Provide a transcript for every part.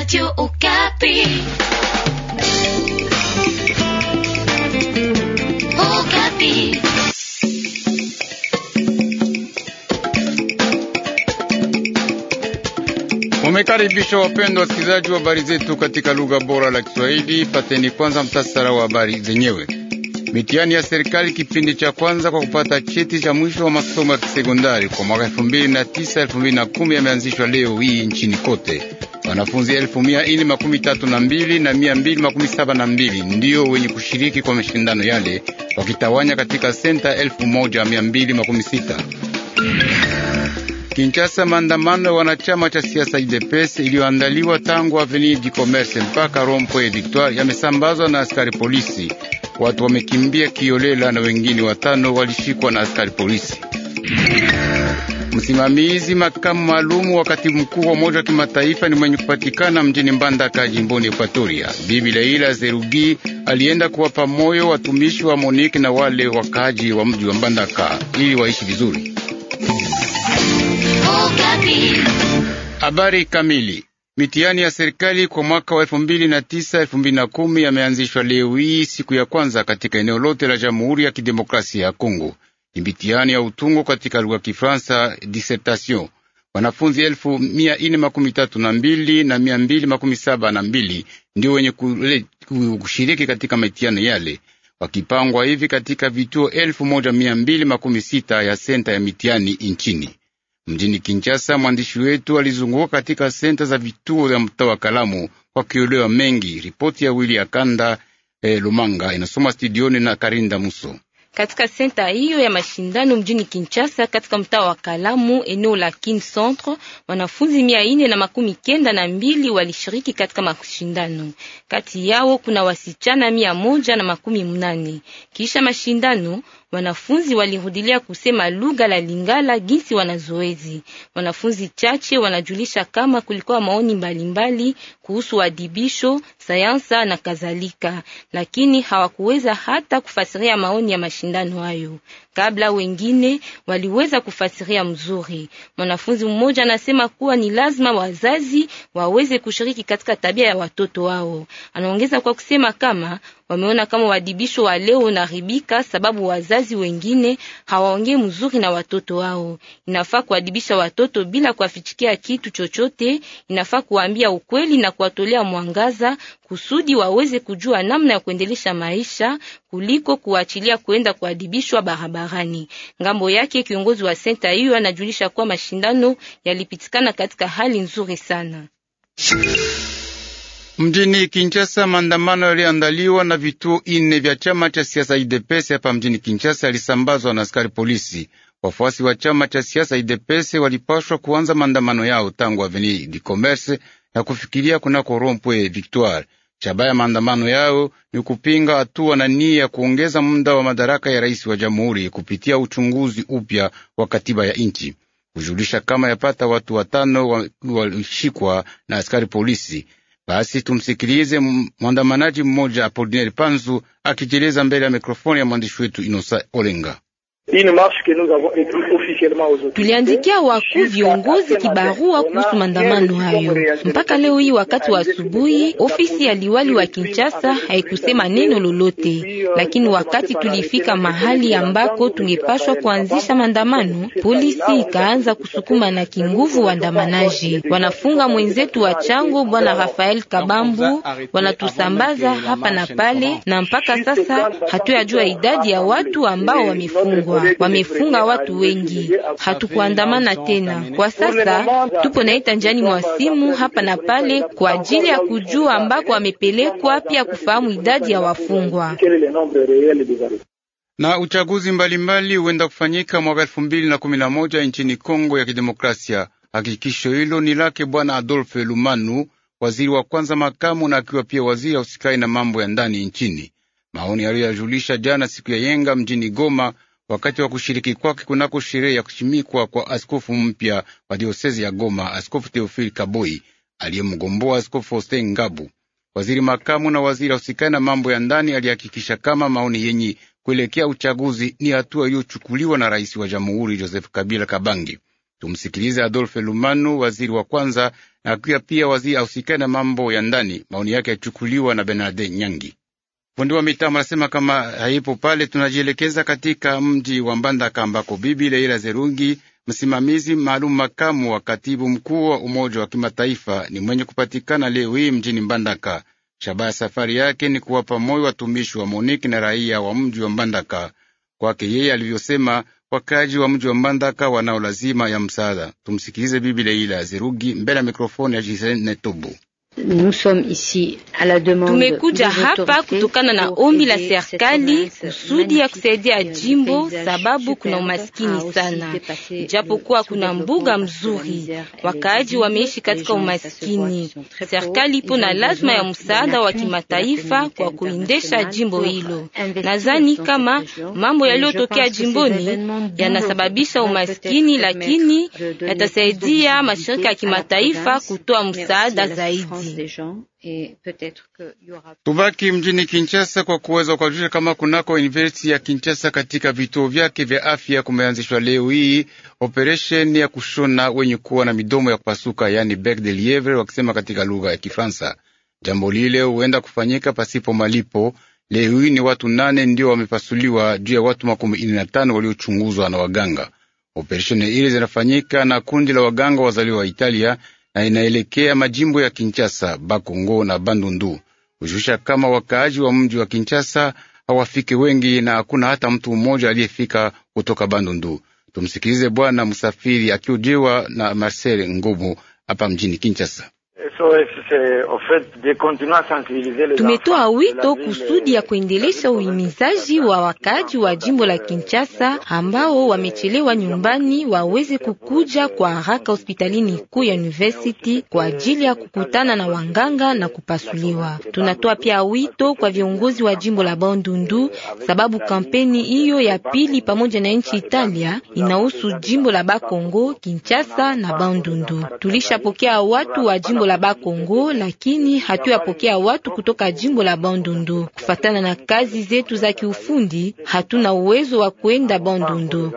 Radio Okapi. Okapi. Umekaribisha wapendwa wasikilizaji wa habari zetu katika lugha bora la Kiswahili. Pateni kwanza mtasara wa habari zenyewe. Mitihani ya serikali kipindi cha kwanza kwa kupata cheti cha mwisho wa masomo ya kisekondari kwa mwaka 2009 2010 yameanzishwa leo hii nchini kote. Wanafunzi elfu mia ine makumi tatu na mbili na mia mbili makumi saba na mbili ndiyo wenye kushiriki kwa mashindano yale, wakitawanya katika senta elfu moja mia mbili makumi sita Kinshasa. Maandamano ya wanachama cha siasa UDPS iliyoandaliwa tangu Avenue du Commerce mpaka Rond-Point Victoire yamesambazwa na askari polisi. Watu wamekimbia kiolela na wengine watano walishikwa na askari polisi. Msimamizi makamu maalumu wa katibu mkuu wa Umoja wa Kimataifa ni mwenye kupatikana mjini Mbandaka jimboni Ekuatoria. Bibi Leila Zerugi alienda kuwapa moyo watumishi wa Monike na wale wakaji wa mji wa Mbandaka ili waishi vizuri. Oh, Habari kamili. Mitihani ya serikali kwa mwaka wa elfu mbili na tisa elfu mbili na kumi yameanzishwa leo hii siku ya kwanza katika eneo lote la Jamhuri ya Kidemokrasia ya Kongo ni mitihani ya utungo katika lugha ya Kifaransa, dissertation. Wanafunzi elfu mia ine makumi tatu na mbili na mia mbili makumi saba na mbili ndio wenye kushiriki katika mitihani yale, wakipangwa hivi katika vituo elfu moja mia mbili makumi sita ya senta ya mitihani nchini mjini Kinshasa. Mwandishi wetu alizunguka katika senta za vituo vya mtaa wa Kalamu kwa kiolewa mengi. Ripoti ya Wili ya Kanda eh, Lumanga inasoma studioni na Karinda Muso katika senta hiyo ya mashindano mjini Kinshasa, katika mtaa wa Kalamu, eneo la Kin Centre, wanafunzi mia ine na makumi kenda na mbili walishiriki katika mashindano. Kati yao kuna wasichana mia moja na makumi mnane. Kisha mashindano Wanafunzi walirudilia kusema lugha la Lingala jinsi wanazoezi. Wanafunzi chache wanajulisha kama kulikuwa maoni mbalimbali mbali kuhusu wadibisho, sayansa na kadhalika, lakini hawakuweza hata kufasiria maoni ya mashindano hayo. Kabla wengine waliweza kufasiria mzuri. Mwanafunzi mmoja anasema kuwa ni lazima wazazi waweze kushiriki katika tabia ya watoto wao. Anaongeza kwa kusema kama wameona kama wadibisho wa leo unaharibika, sababu wazazi wengine hawaongee mzuri na watoto wao. Inafaa kuadibisha watoto bila kuwafichikia kitu chochote, inafaa kuwaambia ukweli na kuwatolea mwangaza kusudi waweze kujua namna ya kuendelesha maisha kuliko kuachilia kuenda kuadibishwa barabarani. Ngambo yake kiongozi wa senta hiyo anajulisha kuwa mashindano yalipitikana katika hali nzuri sana. Mjini Kinshasa, maandamano yaliandaliwa na vituo ine vya chama cha siasa idepese hapa mjini Kinshasa yalisambazwa na askari polisi. Wafuasi wa chama cha siasa idepese walipashwa kuanza maandamano yao tangu Avenue du Commerce na kufikiria kunako Rompwe Victoire. chabaya ya maandamano yao ni kupinga hatua na nia ya kuongeza muda wa madaraka ya rais wa jamhuri kupitia uchunguzi upya wa katiba ya nchi, kujulisha kama yapata watu watano walishikwa na askari polisi basi tumsikilize mwandamanaji mmoja Apolineri Panzu akijieleza mbele ya mikrofoni ya mwandishi wetu Inosa Olenga. Tuliandikia wakuu viongozi kibarua kuhusu maandamano hayo. Mpaka leo hii wakati wa asubuhi, ofisi ya liwali wa Kinshasa haikusema neno lolote, euh, lakini wakati tulifika mahali ambako tungepashwa kuanzisha maandamano, polisi ikaanza kusukuma na kinguvu waandamanaji. Wanafunga mwenzetu wa chango bwana Rafael Kabambu, wanatusambaza hapa na pale, na mpaka sasa hatuyajua idadi ya watu ambao wamefungwa wamefunga watu wengi, hatukuandamana tena. Kwa sasa tupo naita njani mwa simu hapa na pale kwa ajili ya kujua ambako wamepelekwa, pia kufahamu idadi ya wafungwa na uchaguzi mbalimbali huenda kufanyika mwaka elfu mbili na kumi na moja nchini Kongo ya Kidemokrasia. Hakikisho hilo ni lake Bwana Adolfe Lumanu, waziri wa kwanza makamu, na akiwa pia waziri ya usikai na mambo ya ndani nchini. Maoni aliyoyajulisha jana siku ya yenga mjini Goma wakati wa kushiriki kwake kunako sherehe ya kushimikwa kwa askofu mpya wa diosezi ya Goma, Askofu Teofili Kaboi aliyemgomboa Askofu Hosten Ngabu. Waziri makamu na waziri ausikani na mambo ya ndani alihakikisha kama maoni yenye kuelekea uchaguzi ni hatua iliyochukuliwa na rais wa jamhuri Joseph Kabila Kabangi. Tumsikilize Adolfe Lumanu, waziri wa kwanza, na akiwa pia waziri ausikani na mambo ya ndani. Maoni yake yachukuliwa na Benarde Nyangi. Fundi wa mitambo anasema kama haipo pale, tunajielekeza katika mji wa Mbandaka ambako Bibi Leila Zerungi, msimamizi maalum makamu wa katibu mkuu wa Umoja wa Kimataifa, ni mwenye kupatikana leo hii mjini Mbandaka. Shabaha ya safari yake ni kuwapa moyo watumishi wa Moniki na raia wa mji wa Mbandaka. Kwake yeye alivyosema, wakaji wa mji wa Mbandaka wanao lazima ya msaada. Tumsikilize Bibi Leila Zerugi mbele ya mikrofoni ya jisenetubu Tumekuja hapa kutokana na ombi la serikali kusudi ya kusaidia jimbo, sababu kuna umaskini sana, japokuwa kuna mbuga mzuri, wakaaji wameishi katika umaskini. Serikali ipo na lazima ya msaada wa kimataifa kwa kuendesha jimbo hilo. Nadhani kama mambo yaliyotokea jimboni yanasababisha umaskini, lakini yatasaidia mashirika ya kimataifa kutoa msaada zaidi. Tubaki mjini Kinshasa kwa kuweza kujulisha kama kunako university ya Kinshasa katika vituo vyake vya afya kumeanzishwa leo hii operesheni ya kushona wenye kuwa na midomo ya kupasuka, yani bec de lievre wakisema katika lugha ya Kifransa. Jambo lile huenda kufanyika pasipo malipo. Leo hii ni watu nane ndio wamepasuliwa juu ya watu makumi ine na tano waliochunguzwa na waganga. Operesheni ile zinafanyika na kundi la waganga wazaliwa wa Italia na inaelekea majimbo ya Kinshasa, Bakongo na Bandundu, kushusha kama wakaaji wa mji wa Kinshasa hawafike wengi na hakuna hata mtu mmoja aliyefika kutoka Bandundu. Tumsikilize Bwana Msafiri akiojewa na Marcel Ngubu hapa mjini Kinshasa. Tumetoa wito kusudi ya kuendelesha uhimizaji wa wakaji wa jimbo la Kinshasa ambao wamechelewa nyumbani waweze kukuja kwa haraka hospitalini kuu ya university kwa ajili ya kukutana na wanganga na kupasuliwa. Tunatoa pia wito kwa viongozi wa jimbo la Bandundu sababu kampeni hiyo ya pili pamoja na nchi Italia inahusu jimbo la Bakongo, Kinshasa na Bandundu. Tulishapokea watu wa jimbo la Bakongo, lakini hatuyapokea watu kutoka jimbo la Bandundu. Kufatana na kazi zetu za kiufundi, hatuna uwezo wa kwenda Bandundu.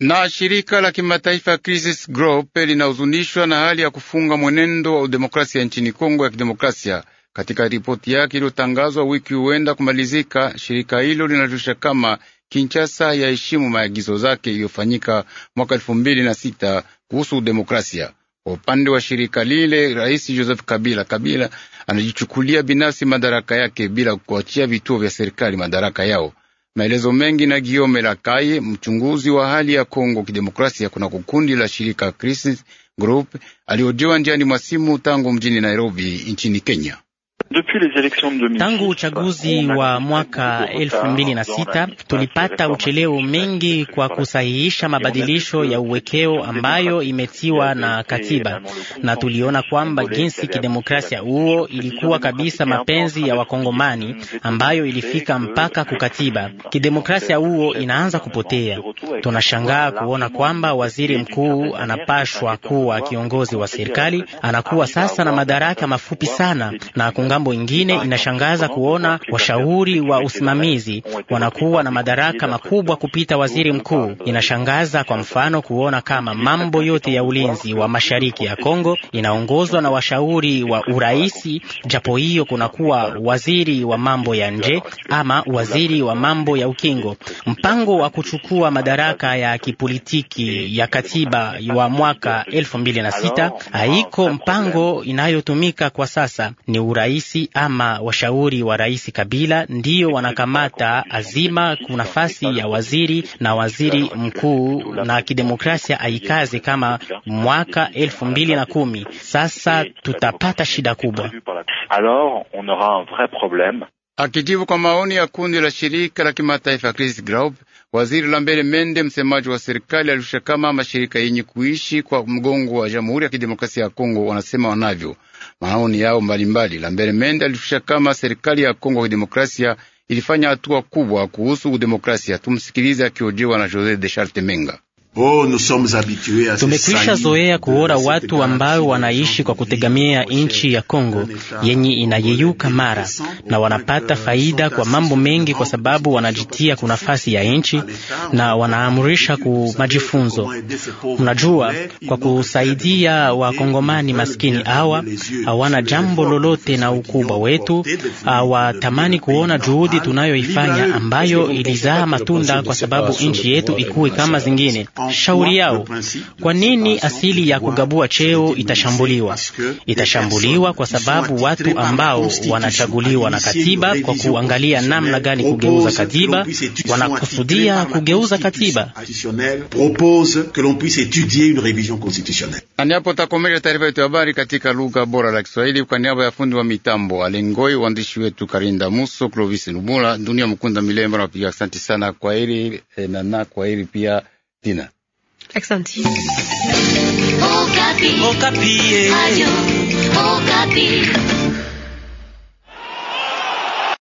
Na shirika la kimataifa Crisis Group linahuzunishwa na hali ya kufunga mwenendo wa demokrasia nchini Kongo ya Kidemokrasia. Katika ripoti yake iliyotangazwa wiki huenda kumalizika, shirika hilo linajulisha kama Kinshasa yaheshimu maagizo zake iliyofanyika mwaka elfu mbili na sita kuhusu demokrasia. Kwa upande wa shirika lile, Rais Joseph Kabila Kabila anajichukulia binafsi madaraka yake bila kuachia vituo vya serikali madaraka yao. Maelezo mengi na Giome Lakaye, mchunguzi wa hali ya Kongo Kidemokrasia kuna kukundi la shirika Crisis Group, aliojiwa njiani mwa simu tangu mjini Nairobi nchini Kenya. Tangu euh, uchaguzi wa mwaka sita tulipata ucheleo mengi kwa kusahihisha mabadilisho ya uwekeo ambayo imetiwa na katiba, na tuliona kwamba jinsi kidemokrasia huo ilikuwa kabisa mapenzi ya Wakongomani ambayo ilifika mpaka kukatiba. Kidemokrasia huo inaanza kupotea. Tunashangaa kuona kwamba waziri mkuu anapashwa kuwa kiongozi wa serikali anakuwa sasa na madaraka mafupi sana na Jambo ingine inashangaza kuona washauri wa usimamizi wanakuwa na madaraka makubwa kupita waziri mkuu. Inashangaza kwa mfano kuona kama mambo yote ya ulinzi wa mashariki ya Kongo inaongozwa na washauri wa uraisi, japo hiyo kunakuwa waziri wa mambo ya nje ama waziri wa mambo ya ukingo. Mpango wa kuchukua madaraka ya kipolitiki ya katiba wa mwaka 2006 haiko mpango inayotumika kwa sasa, ni urais rais ama washauri wa rais Kabila ndiyo wanakamata azima nafasi ya waziri na waziri mkuu, na kidemokrasia aikaze kama mwaka elfu mbili na kumi. Sasa tutapata shida kubwa. Akijibu kwa maoni ya kundi la shirika la kimataifa Crisis Graub Waziri Lambert Mende, msemaji wa serikali, alishusha kama mashirika yenye kuishi kwa mgongo wa Jamhuri ya Kidemokrasia ya Kongo wanasema wanavyo maoni yao mbalimbali. Lambert Mende alishusha kama serikali ya Kongo ya Kidemokrasia ilifanya hatua kubwa kuhusu udemokrasia. Tumsikilize akiojewa na Jose de charte Menga. Oh, tumekwisha zoea kuora watu ambao wanaishi kwa kutegamia nchi ya Kongo yenye inayeyuka mara, na wanapata euh, faida kwa mambo mengi, kwa sababu wanajitia kwa nafasi ya nchi na wanaamurisha ku majifunzo. Mnajua, kwa kusaidia wakongomani maskini hawa, hawana jambo lolote na ukubwa wetu, hawatamani kuona juhudi tunayoifanya ambayo ilizaa matunda, kwa sababu nchi yetu ikuwe kama zingine shauri yao. Kwa nini asili ya kugabua cheo itashambuliwa? Itashambuliwa kwa sababu watu ambao wanachaguliwa na katiba kwa kuangalia namna gani kugeuza katiba, wanakusudia kugeuza katiba. Na ni hapo takomesha taarifa yetu ya habari katika lugha bora la Kiswahili. Kwa niaba ya fundi wa mitambo Alengoi, waandishi wetu Karinda Muso, Clovis nubula Dunia Mkunda Milemba na wapiga, asanti sana. Kwa heri eh, na na kwa hili pia. Nina Aksanti. Okapi. Okapi. Ayo. Okapi.